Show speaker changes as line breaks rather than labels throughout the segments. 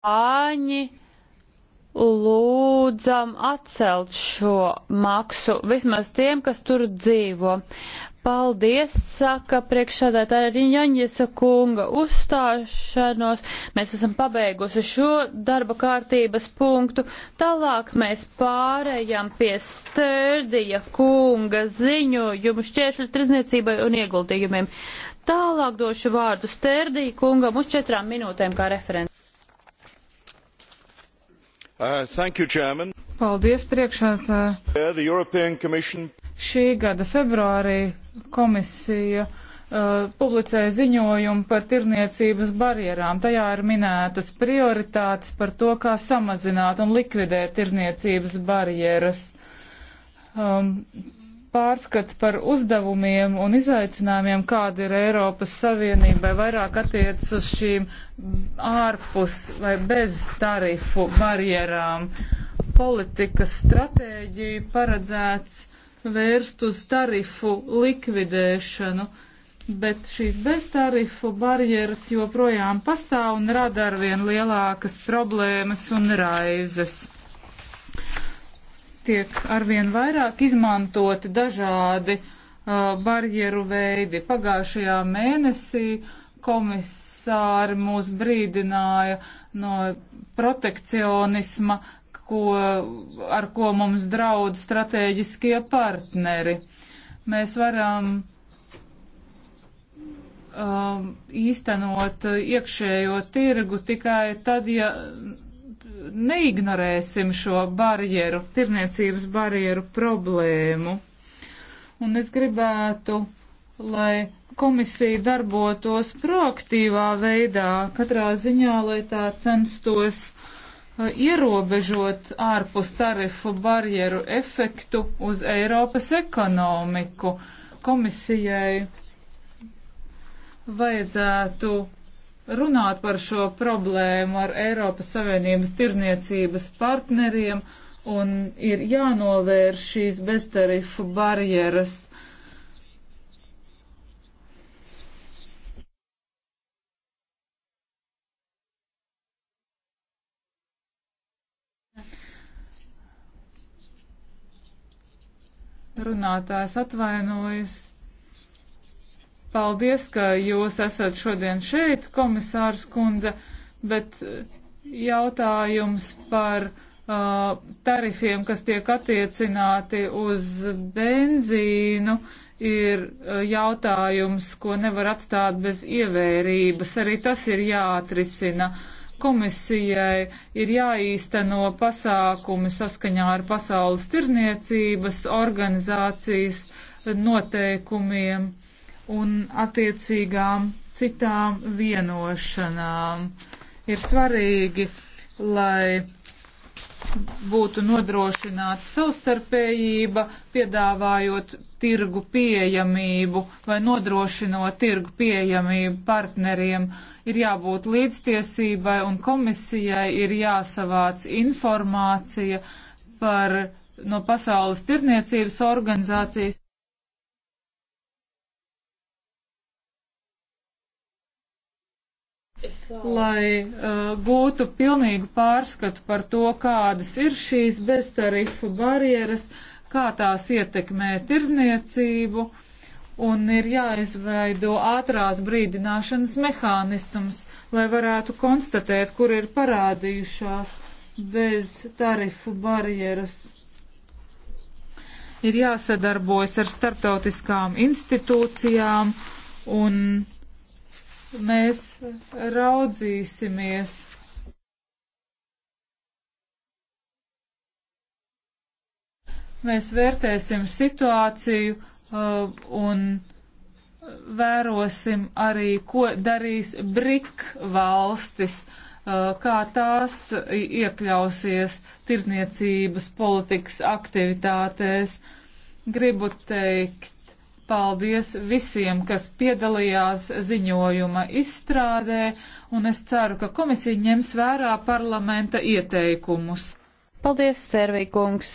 Spāņi lūdzam atcelt šo maksu, vismaz tiem, kas tur dzīvo. Paldies, saka priekšsādātāja Riņaņģisa kunga uzstāšanos. Mēs esam pabeigusi šo darba kārtības punktu. Tālāk mēs pārējām pie Stördija kunga ziņojumu šķēršļu trizniecībai un ieguldījumiem. Tālāk došu vārdu Stördija kungam uz četrām minūtēm kā referents.
Uh, you, Paldies, priekšētāji. Šī gada februārī komisija uh, publicēja ziņojumu par tirzniecības barjerām. Tajā ir minētas prioritātes par to, kā samazināt un likvidēt tirzniecības barjeras. Um, pārskats par uzdevumiem un izaicinājumiem, kāda ir Eiropas Savienībai, vairāk attiecas uz šīm ārpus vai bez tarifu barjerām. Politikas stratēģija paredzēts vērst uz tarifu likvidēšanu, bet šīs beztarifu barjeras joprojām pastāv un rada arvien lielākas problēmas un raizes tiek arvien vairāk izmantoti dažādi uh, barjeru veidi. Pagājušajā mēnesī komisāri mūs brīdināja no protekcionisma, ko, ar ko mums draud strateģiskie partneri. Mēs varam um, īstenot iekšējo tirgu tikai tad, ja neignorēsim šo barjeru, tirzniecības barjeru problēmu. Un es gribētu, lai komisija darbotos proaktīvā veidā, katrā ziņā, lai tā censtos uh, ierobežot ārpus tarifu barjeru efektu uz Eiropas ekonomiku. Komisijai vajadzētu runāt par šo problēmu ar Eiropas Savienības tirniecības partneriem un ir jānovērš šīs beztarifu barjeras. runātājs atvainojas. Paldies, ka jūs esat šodien šeit, komisārs kundze, bet eh, jautājums par uh, tarifiem, kas tiek attiecināti uz benzīnu, ir uh, jautājums, ko nevar atstāt bez ievērības. Arī tas ir jāatrisina. Komisijai ir jāīsteno pasākumi saskaņā ar Pasaules tirniecības organizācijas noteikumiem un attiecīgām citām vienošanām. Ir svarīgi, lai būtu nodrošināta savstarpējība, piedāvājot tirgu pieejamību vai nodrošinot tirgu pieejamību partneriem, ir jābūt līdztiesībai un komisijai ir jāsavāc informācija par no Pasaules tirniecības organizācijas. lai uh, gūtu pilnīgu pārskatu par to, kādas ir šīs beztarifu barjeras, kā tās ietekmē tirzniecību, un ir jāizveido ātrās brīdināšanas mehānisms, lai varētu konstatēt, kur ir parādījušās beztarifu barjeras. Ir jāsadarbojas ar starptautiskām institūcijām un mēs raudzīsimies. Mēs vērtēsim situāciju uh, un vērosim arī, ko darīs BRIK valstis, uh, kā tās iekļausies tirdzniecības politikas aktivitātēs. Gribu teikt, paldies visiem, kas piedalījās ziņojuma izstrādē, un es ceru, ka komisija ņems vērā parlamenta ieteikumus.
Paldies, Servikungs!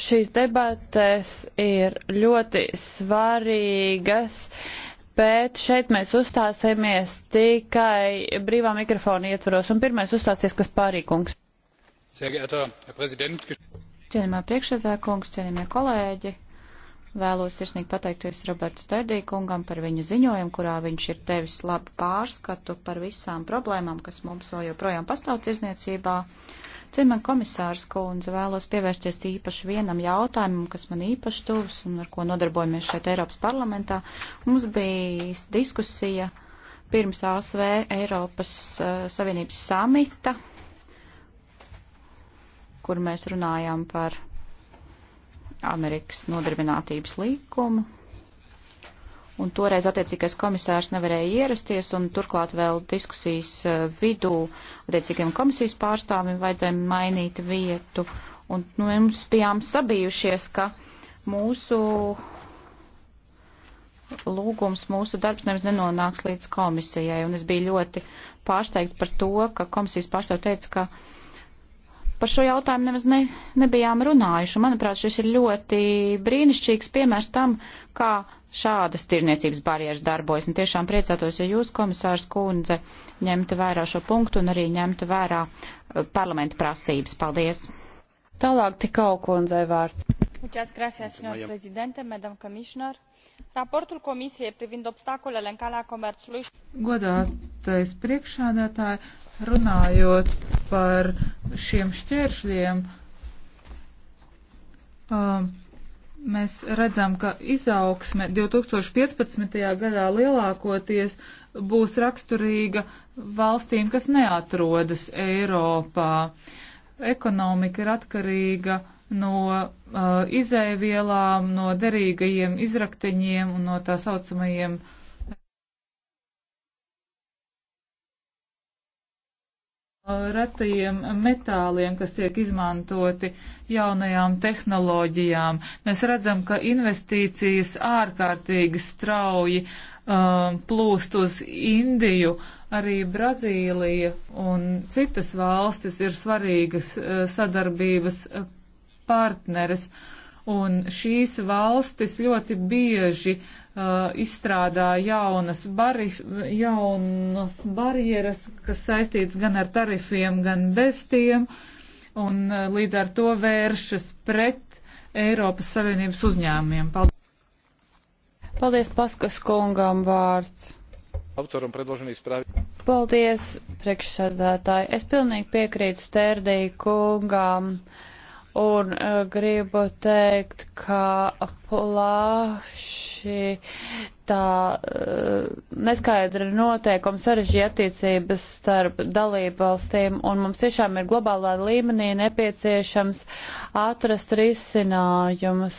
Šīs debates ir ļoti svarīgas, bet šeit mēs uzstāsimies tikai brīvā mikrofona ietvaros, un pirmais uzstāsies, kas pārīkungs. Sehr geehrter Herr Präsident!
Cienījumā priekšsēdā kungs, cienījumie kolēģi, vēlos sirsnīgi pateikties Roberts Tedī kungam par viņa ziņojumu, kurā viņš ir devis labu pārskatu par visām problēmām, kas mums vēl joprojām pastāv tirzniecībā. Cienījumā komisārs kundze vēlos pievērsties īpaši vienam jautājumam, kas man īpaši tuvs un ar ko nodarbojamies šeit Eiropas parlamentā. Mums bija diskusija pirms ASV Eiropas uh, Savienības samita kur mēs runājām par Amerikas nodarbinātības līkumu. Un toreiz attiecīgais komisārs nevarēja ierasties, un turklāt vēl diskusijas eh, vidū attiecīgiem komisijas pārstāvim vajadzēja mainīt vietu. Un nu, mums bijām sabijušies, ka mūsu lūgums, mūsu darbs nemaz nenonāks līdz komisijai. Un es biju ļoti pārsteigts par to, ka komisijas pārstāv teica, ka par šo jautājumu nemaz ne, nebijām runājuši. Manuprāt, šis ir ļoti brīnišķīgs piemērs tam, kā šādas tirniecības barjeras darbojas. Un tiešām priecātos, ja jūs, komisārs Kūndze, ņemtu vērā šo punktu un arī ņemtu vērā eh, parlamenta prasības. Paldies! Tālāk tik augundzei vārds
raportul komisijai privind obstacolele în calea comerțului.
Godātais priekšādātāji, runājot par šiem šķēršļiem, um, mēs redzam, ka izaugsme 2015. gadā lielākoties būs raksturīga valstīm, kas neatrodas Eiropā. Ekonomika ir atkarīga no no uh, izēvielām, no derīgajiem izrakteņiem un no tā saucamajiem. retajiem metāliem, kas tiek izmantoti jaunajām tehnoloģijām. Mēs redzam, ka investīcijas ārkārtīgi strauji um, plūst uz Indiju, arī Brazīlija un citas valstis ir svarīgas uh, sadarbības partneres. Un šīs valstis ļoti bieži uh, izstrādā jaunas, bari, jaunas barjeras, kas saistīts gan ar tarifiem, gan bez tiem, un uh, līdz ar to vēršas pret Eiropas Savienības
uzņēmumiem. Paldies, Paldies Paskas kungam vārds. Autoram predloženī sprāvi. Paldies, priekšsēdētāji. Es pilnīgi piekrītu Stērdī kungām. Uh, un uh, gribu teikt, ka plaši tā uh, e, neskaidra noteikuma sarežģīja attiecības starp dalību valstīm, un mums tiešām ir globālā līmenī nepieciešams atrast risinājumus.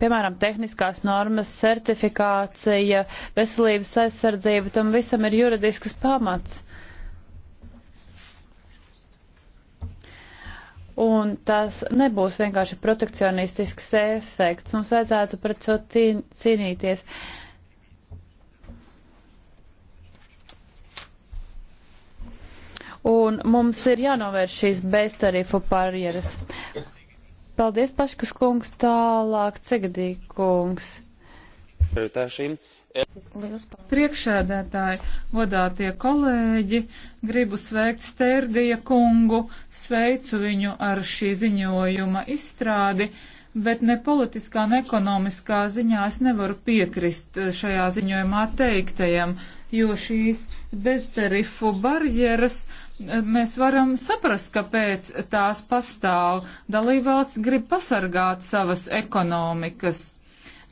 Piemēram, tehniskās normas, certifikācija, veselības aizsardzība, tam visam ir juridisks pamats. Uh, un tas nebūs vienkārši protekcionistisks efekts. Mums vajadzētu pret to cīnīties. Un mums ir jānovērš šīs beztarifu barjeras. Paldies, Paškas kungs, tālāk Cegadī kungs. Prioritāšīm
Priekšēdētāji, godātie kolēģi, gribu sveikt Stērdija kungu, sveicu viņu ar šī ziņojuma izstrādi, bet ne politiskā, ne ekonomiskā ziņā es nevaru piekrist šajā ziņojumā teiktajam, jo šīs beztarifu barjeras eh, mēs varam saprast, kāpēc tās pastāv. Dalībvalsts grib pasargāt savas ekonomikas.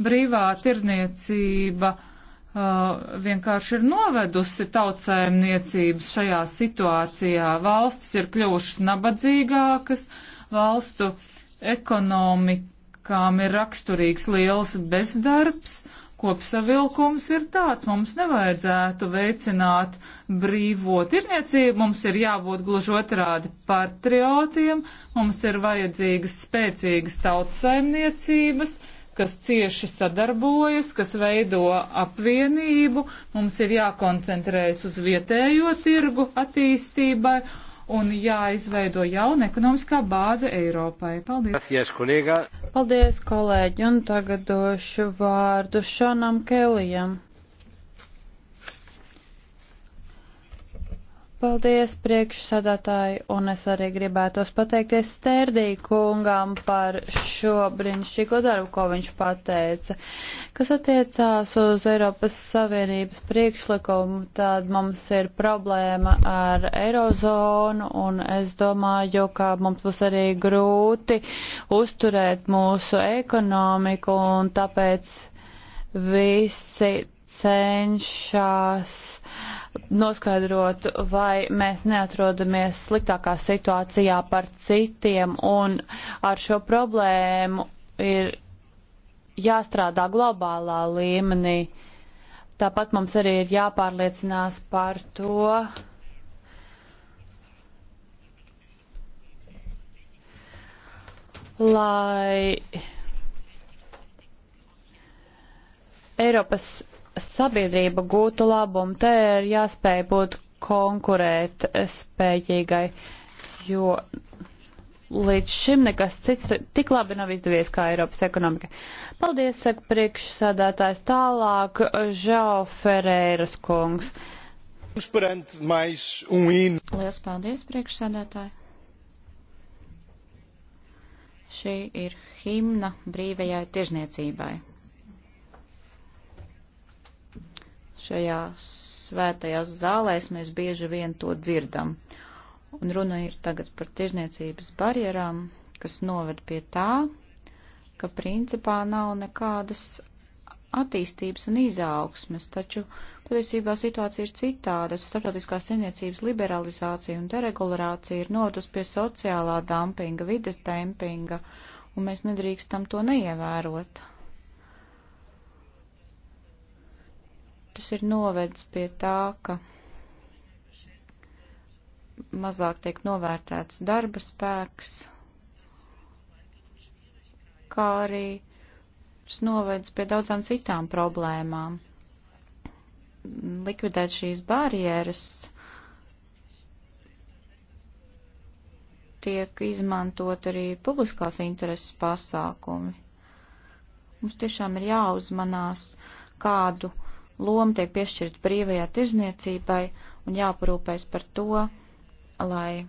Brīvā tirzniecība uh, vienkārši ir novedusi tautsājumniecības šajā situācijā. Valstis ir kļuvušas nabadzīgākas, valstu ekonomikām ir raksturīgs liels bezdarbs. Kopsavilkums ir tāds, mums nevajadzētu veicināt brīvo tirzniecību, mums ir jābūt gluži otrādi patriotiem, mums ir vajadzīgas spēcīgas tautsaimniecības, uh, kas cieši sadarbojas, kas veido apvienību, mums ir jākoncentrējas uz vietējo tirgu attīstībai
un jāizveido jauna ekonomiskā bāze Eiropai. Paldies!
Paldies, kolēģi!
Paldies, kolēģi! Un tagad došu vārdu Šanam Kelijam. Paldies, priekšsādātāji, un es arī gribētos pateikties Stērdī kungam par šo brīnišķīgo darbu, ko viņš pateica. Kas attiecās uz Eiropas Savienības priekšlikumu, tad mums ir problēma ar Eirozonu, un es domāju, ka mums būs arī grūti uzturēt mūsu ekonomiku, un tāpēc visi cenšas noskaidrot, vai mēs neatrodamies sliktākā situācijā par citiem, un ar šo problēmu ir jāstrādā globālā līmenī. Tāpat mums arī ir jāpārliecinās par to, lai Eiropas sabiedrība gūtu labumu, te ir jāspēj būt konkurēt spējīgai, jo līdz šim nekas cits tik labi nav izdevies kā Eiropas ekonomika. Paldies, saka priekšsādātājs tālāk, Žao Ferēras kungs. Lielas
paldies, priekšsādātāji. Šī ir himna brīvajai tirzniecībai. šajā svētajās zālēs mēs bieži vien to dzirdam. Un runa ir tagad par tirzniecības barjerām, kas noved pie tā, ka principā nav nekādas attīstības un izaugsmes, taču patiesībā situācija ir citāda. Starptautiskās tirzniecības liberalizācija un deregulārācija ir novedus pie sociālā dumpinga, vides dumpinga, un mēs nedrīkstam to neievērot. tas ir novedis pie tā, ka mazāk tiek novērtēts darba spēks, kā arī tas novedis pie daudzām citām problēmām. Likvidēt šīs barjeras tiek izmantot arī publiskās intereses pasākumi. Mums tiešām ir jāuzmanās, kādu loma tiek piešķirta brīvajā tirzniecībai un jāparūpēs par to, lai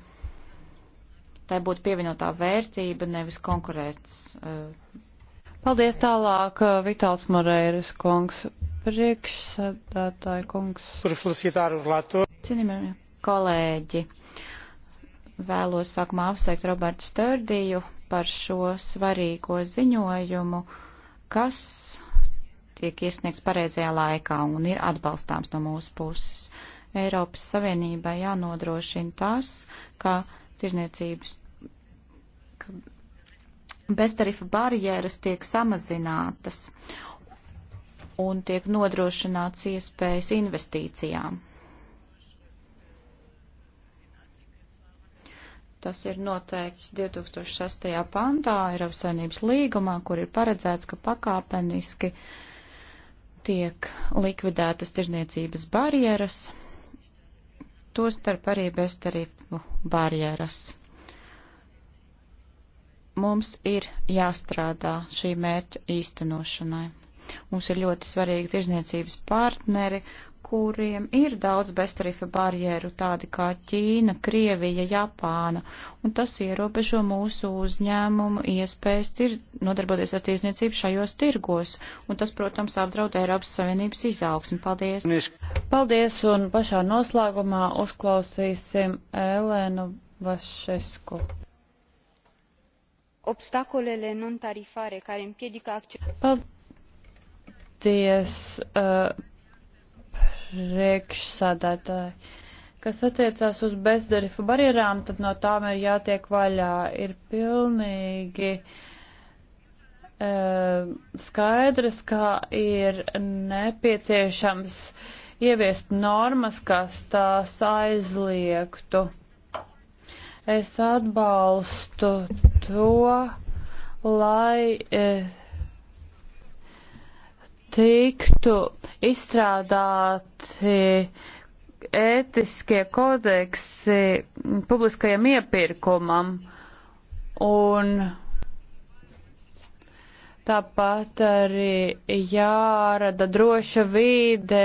tai būtu pievienotā vērtība, nevis konkurēts. Uh,
Paldies tālāk, uh, Vitāls Moreiras kungs,
priekšsēdētāja kungs. Cienījamie kolēģi, vēlos sākumā apsveikt Robertu Stördiju par šo svarīgo ziņojumu, kas tiek iesniegts pareizajā laikā un ir atbalstāms no mūsu puses. Eiropas Savienībai jānodrošina tas, ka tirzniecības beztarifa barjeras tiek samazinātas un tiek nodrošināts iespējas investīcijām. Tas ir noteikts 2006. pantā Eiropas Savienības līgumā, kur ir paredzēts, ka pakāpeniski uh, tiek likvidētas tirzniecības barjeras, tostarp arī beztarifu barjeras. Mums ir jāstrādā šī mērķa īstenošanai. Mums ir ļoti svarīgi tirzniecības partneri, kuriem ir daudz beztarifa barjeru, tādi kā Ķīna, Krievija, Japāna, un tas ierobežo mūsu uzņēmumu iespējas tir, nodarboties ar tiesniecību šajos tirgos, un tas, protams, apdraud Eiropas Savienības izaugsmi. Paldies! Paldies, un pašā noslēgumā uzklausīsim
Elēnu Vašesku.
Obstacolele non tarifare care împiedică accesul.
Paldies! Uh, priekšsādātāji. Kas attiecās uz bezdarifu barjerām, tad no tām ir jātiek vaļā. Ir pilnīgi e, skaidrs, ka ir nepieciešams ieviest normas, kas tās aizliegtu. Es atbalstu to, lai. E, tiktu izstrādāti ētiskie kodeksi publiskajam iepirkumam un Tāpat arī jārada droša vīde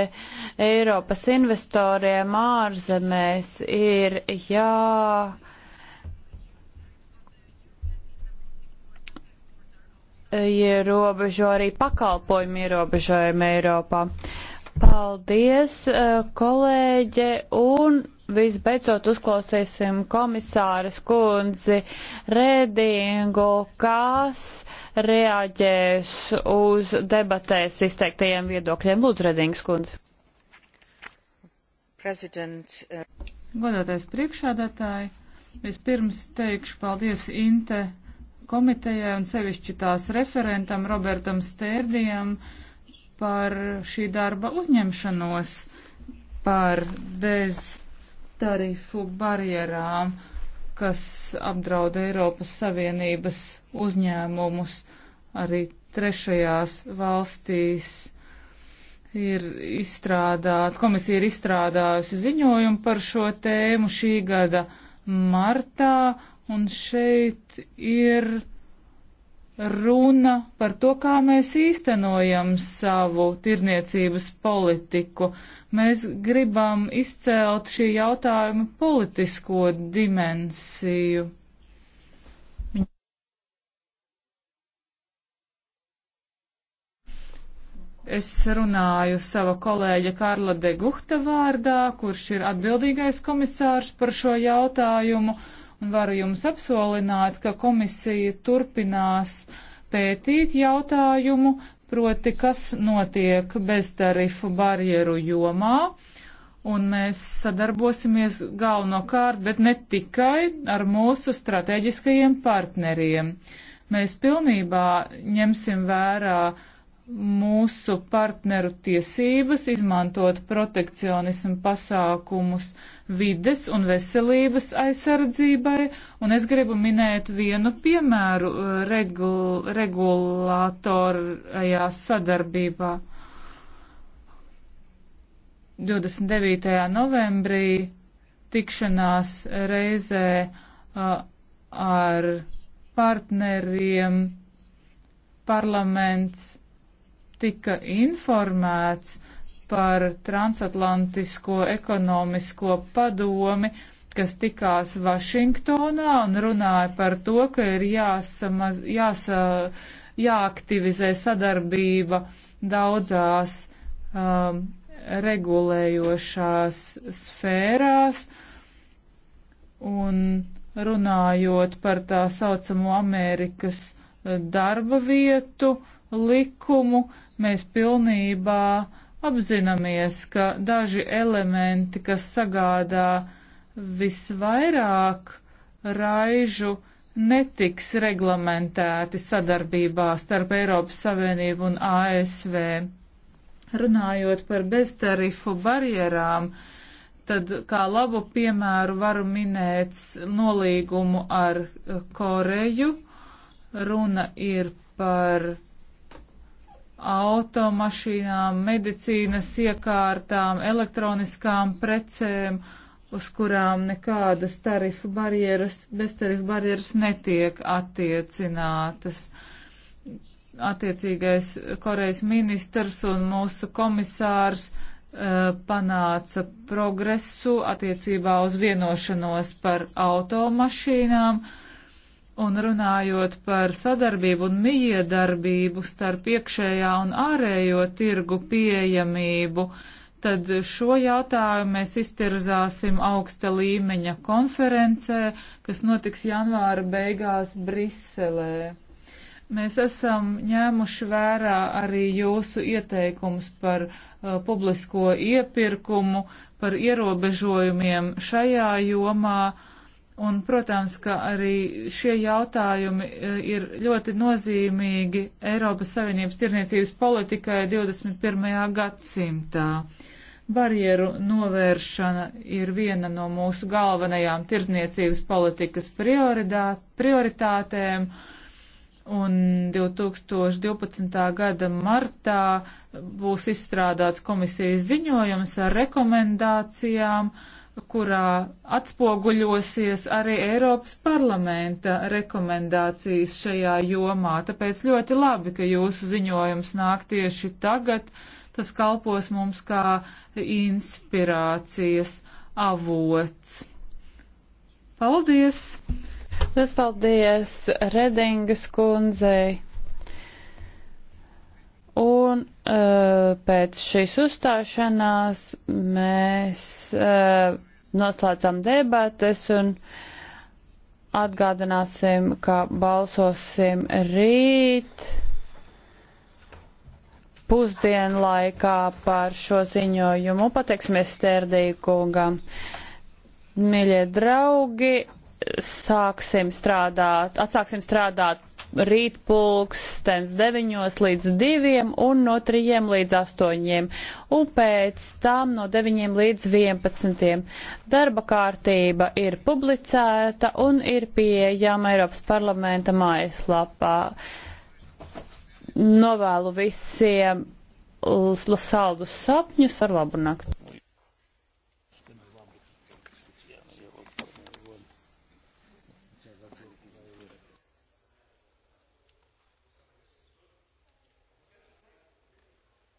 Eiropas investoriem ārzemēs ir jā ierobežo arī pakalpojumu ierobežojumu Eiropā. Paldies, eh, kolēģe, un visbeidzot uzklausīsim komisāras kundzi Rēdingu, kas reaģēs uz debatēs izteiktajiem viedokļiem. Lūdzu, Rēdingas kundze.
Uh...
Godātais priekšādātāji,
vispirms teikšu paldies Inte komitejai un sevišķi tās referentam Robertam Stērdijam par šī darba uzņemšanos, par beztarifu barjerām, kas apdraud Eiropas Savienības uzņēmumus arī trešajās valstīs ir izstrādāt, komisija ir izstrādājusi ziņojumu par šo tēmu šī gada martā, Un šeit ir runa par to, kā mēs īstenojam savu tirniecības politiku. Mēs gribam izcelt šī jautājuma politisko dimensiju. Es runāju sava kolēģa Karla de Guhta vārdā, kurš ir atbildīgais komisārs par šo jautājumu. Uh, Un varu jums apsolināt, ka komisija turpinās pētīt jautājumu, proti, kas notiek beztarifu barjeru jomā. Un mēs sadarbosimies galvenokārt, bet ne tikai ar mūsu strateģiskajiem partneriem. Mēs pilnībā ņemsim vērā uh, mūsu partneru tiesības izmantot protekcionismu pasākumus vides un veselības aizsardzībai, un es gribu minēt vienu piemēru uh, regul regulātorajā sadarbībā. 29. novembrī tikšanās reizē uh, ar partneriem parlaments tika informēts par transatlantisko ekonomisko padomi, kas tikās Vašingtonā un runāja par to, ka ir jāsamaz, jāsa, jāaktivizē sadarbība daudzās um, regulējošās sfērās. Un runājot par tā saucamo Amerikas uh, darba vietu, uh, likumu, mēs pilnībā apzināmies, ka daži elementi, kas sagādā visvairāk raižu, netiks reglamentēti sadarbībā starp Eiropas Savienību un ASV. Runājot par beztarifu barjerām, tad kā labu piemēru varu minēt nolīgumu ar Koreju. Runa ir par automašīnām, medicīnas iekārtām, elektroniskām precēm, uz kurām nekādas tarifu barjeras, beztarifu barjeras netiek attiecinātas. Attiecīgais Korejas ministrs un mūsu komisārs uh, panāca progresu attiecībā uz vienošanos par automašīnām. Uh, Un runājot par sadarbību un miedarbību starp iekšējā un ārējo tirgu pieejamību, tad šo jautājumu mēs iztirzāsim augsta līmeņa konferencē, kas notiks janvāra beigās Briselē. Mēs esam ņēmuši vērā arī jūsu ieteikums par uh, publisko iepirkumu, par ierobežojumiem šajā jomā. Uh, Un, protams, ka arī šie jautājumi e, ir ļoti nozīmīgi Eiropas Savienības tirniecības politikai 21. gadsimtā. Barjeru novēršana ir viena no mūsu galvenajām tirdzniecības politikas prioritātēm, un 2012. gada martā būs izstrādāts komisijas ziņojums ar rekomendācijām, uh, kurā atspoguļosies arī Eiropas parlamenta rekomendācijas šajā jomā. Tāpēc ļoti labi, ka jūsu ziņojums nāk tieši tagad. Tas kalpos mums kā inspirācijas avots.
Paldies! Tas paldies Redingas kundzei! Un uh, pēc šīs uzstāšanās mēs uh, noslēdzam debates un atgādināsim, ka balsosim rīt pusdienu laikā par šo ziņojumu. Pateiksimies Stērdīkungam. Mīļie draugi, sāksim strādāt, atsāksim strādāt rīt pulkstens 9 līdz 2 un no 3 līdz 8 un pēc tam no 9 līdz 11. Darba kārtība ir publicēta un ir pieejama Eiropas parlamenta mājaslapā. Novēlu visiem saldus sapņus ar labu nakti.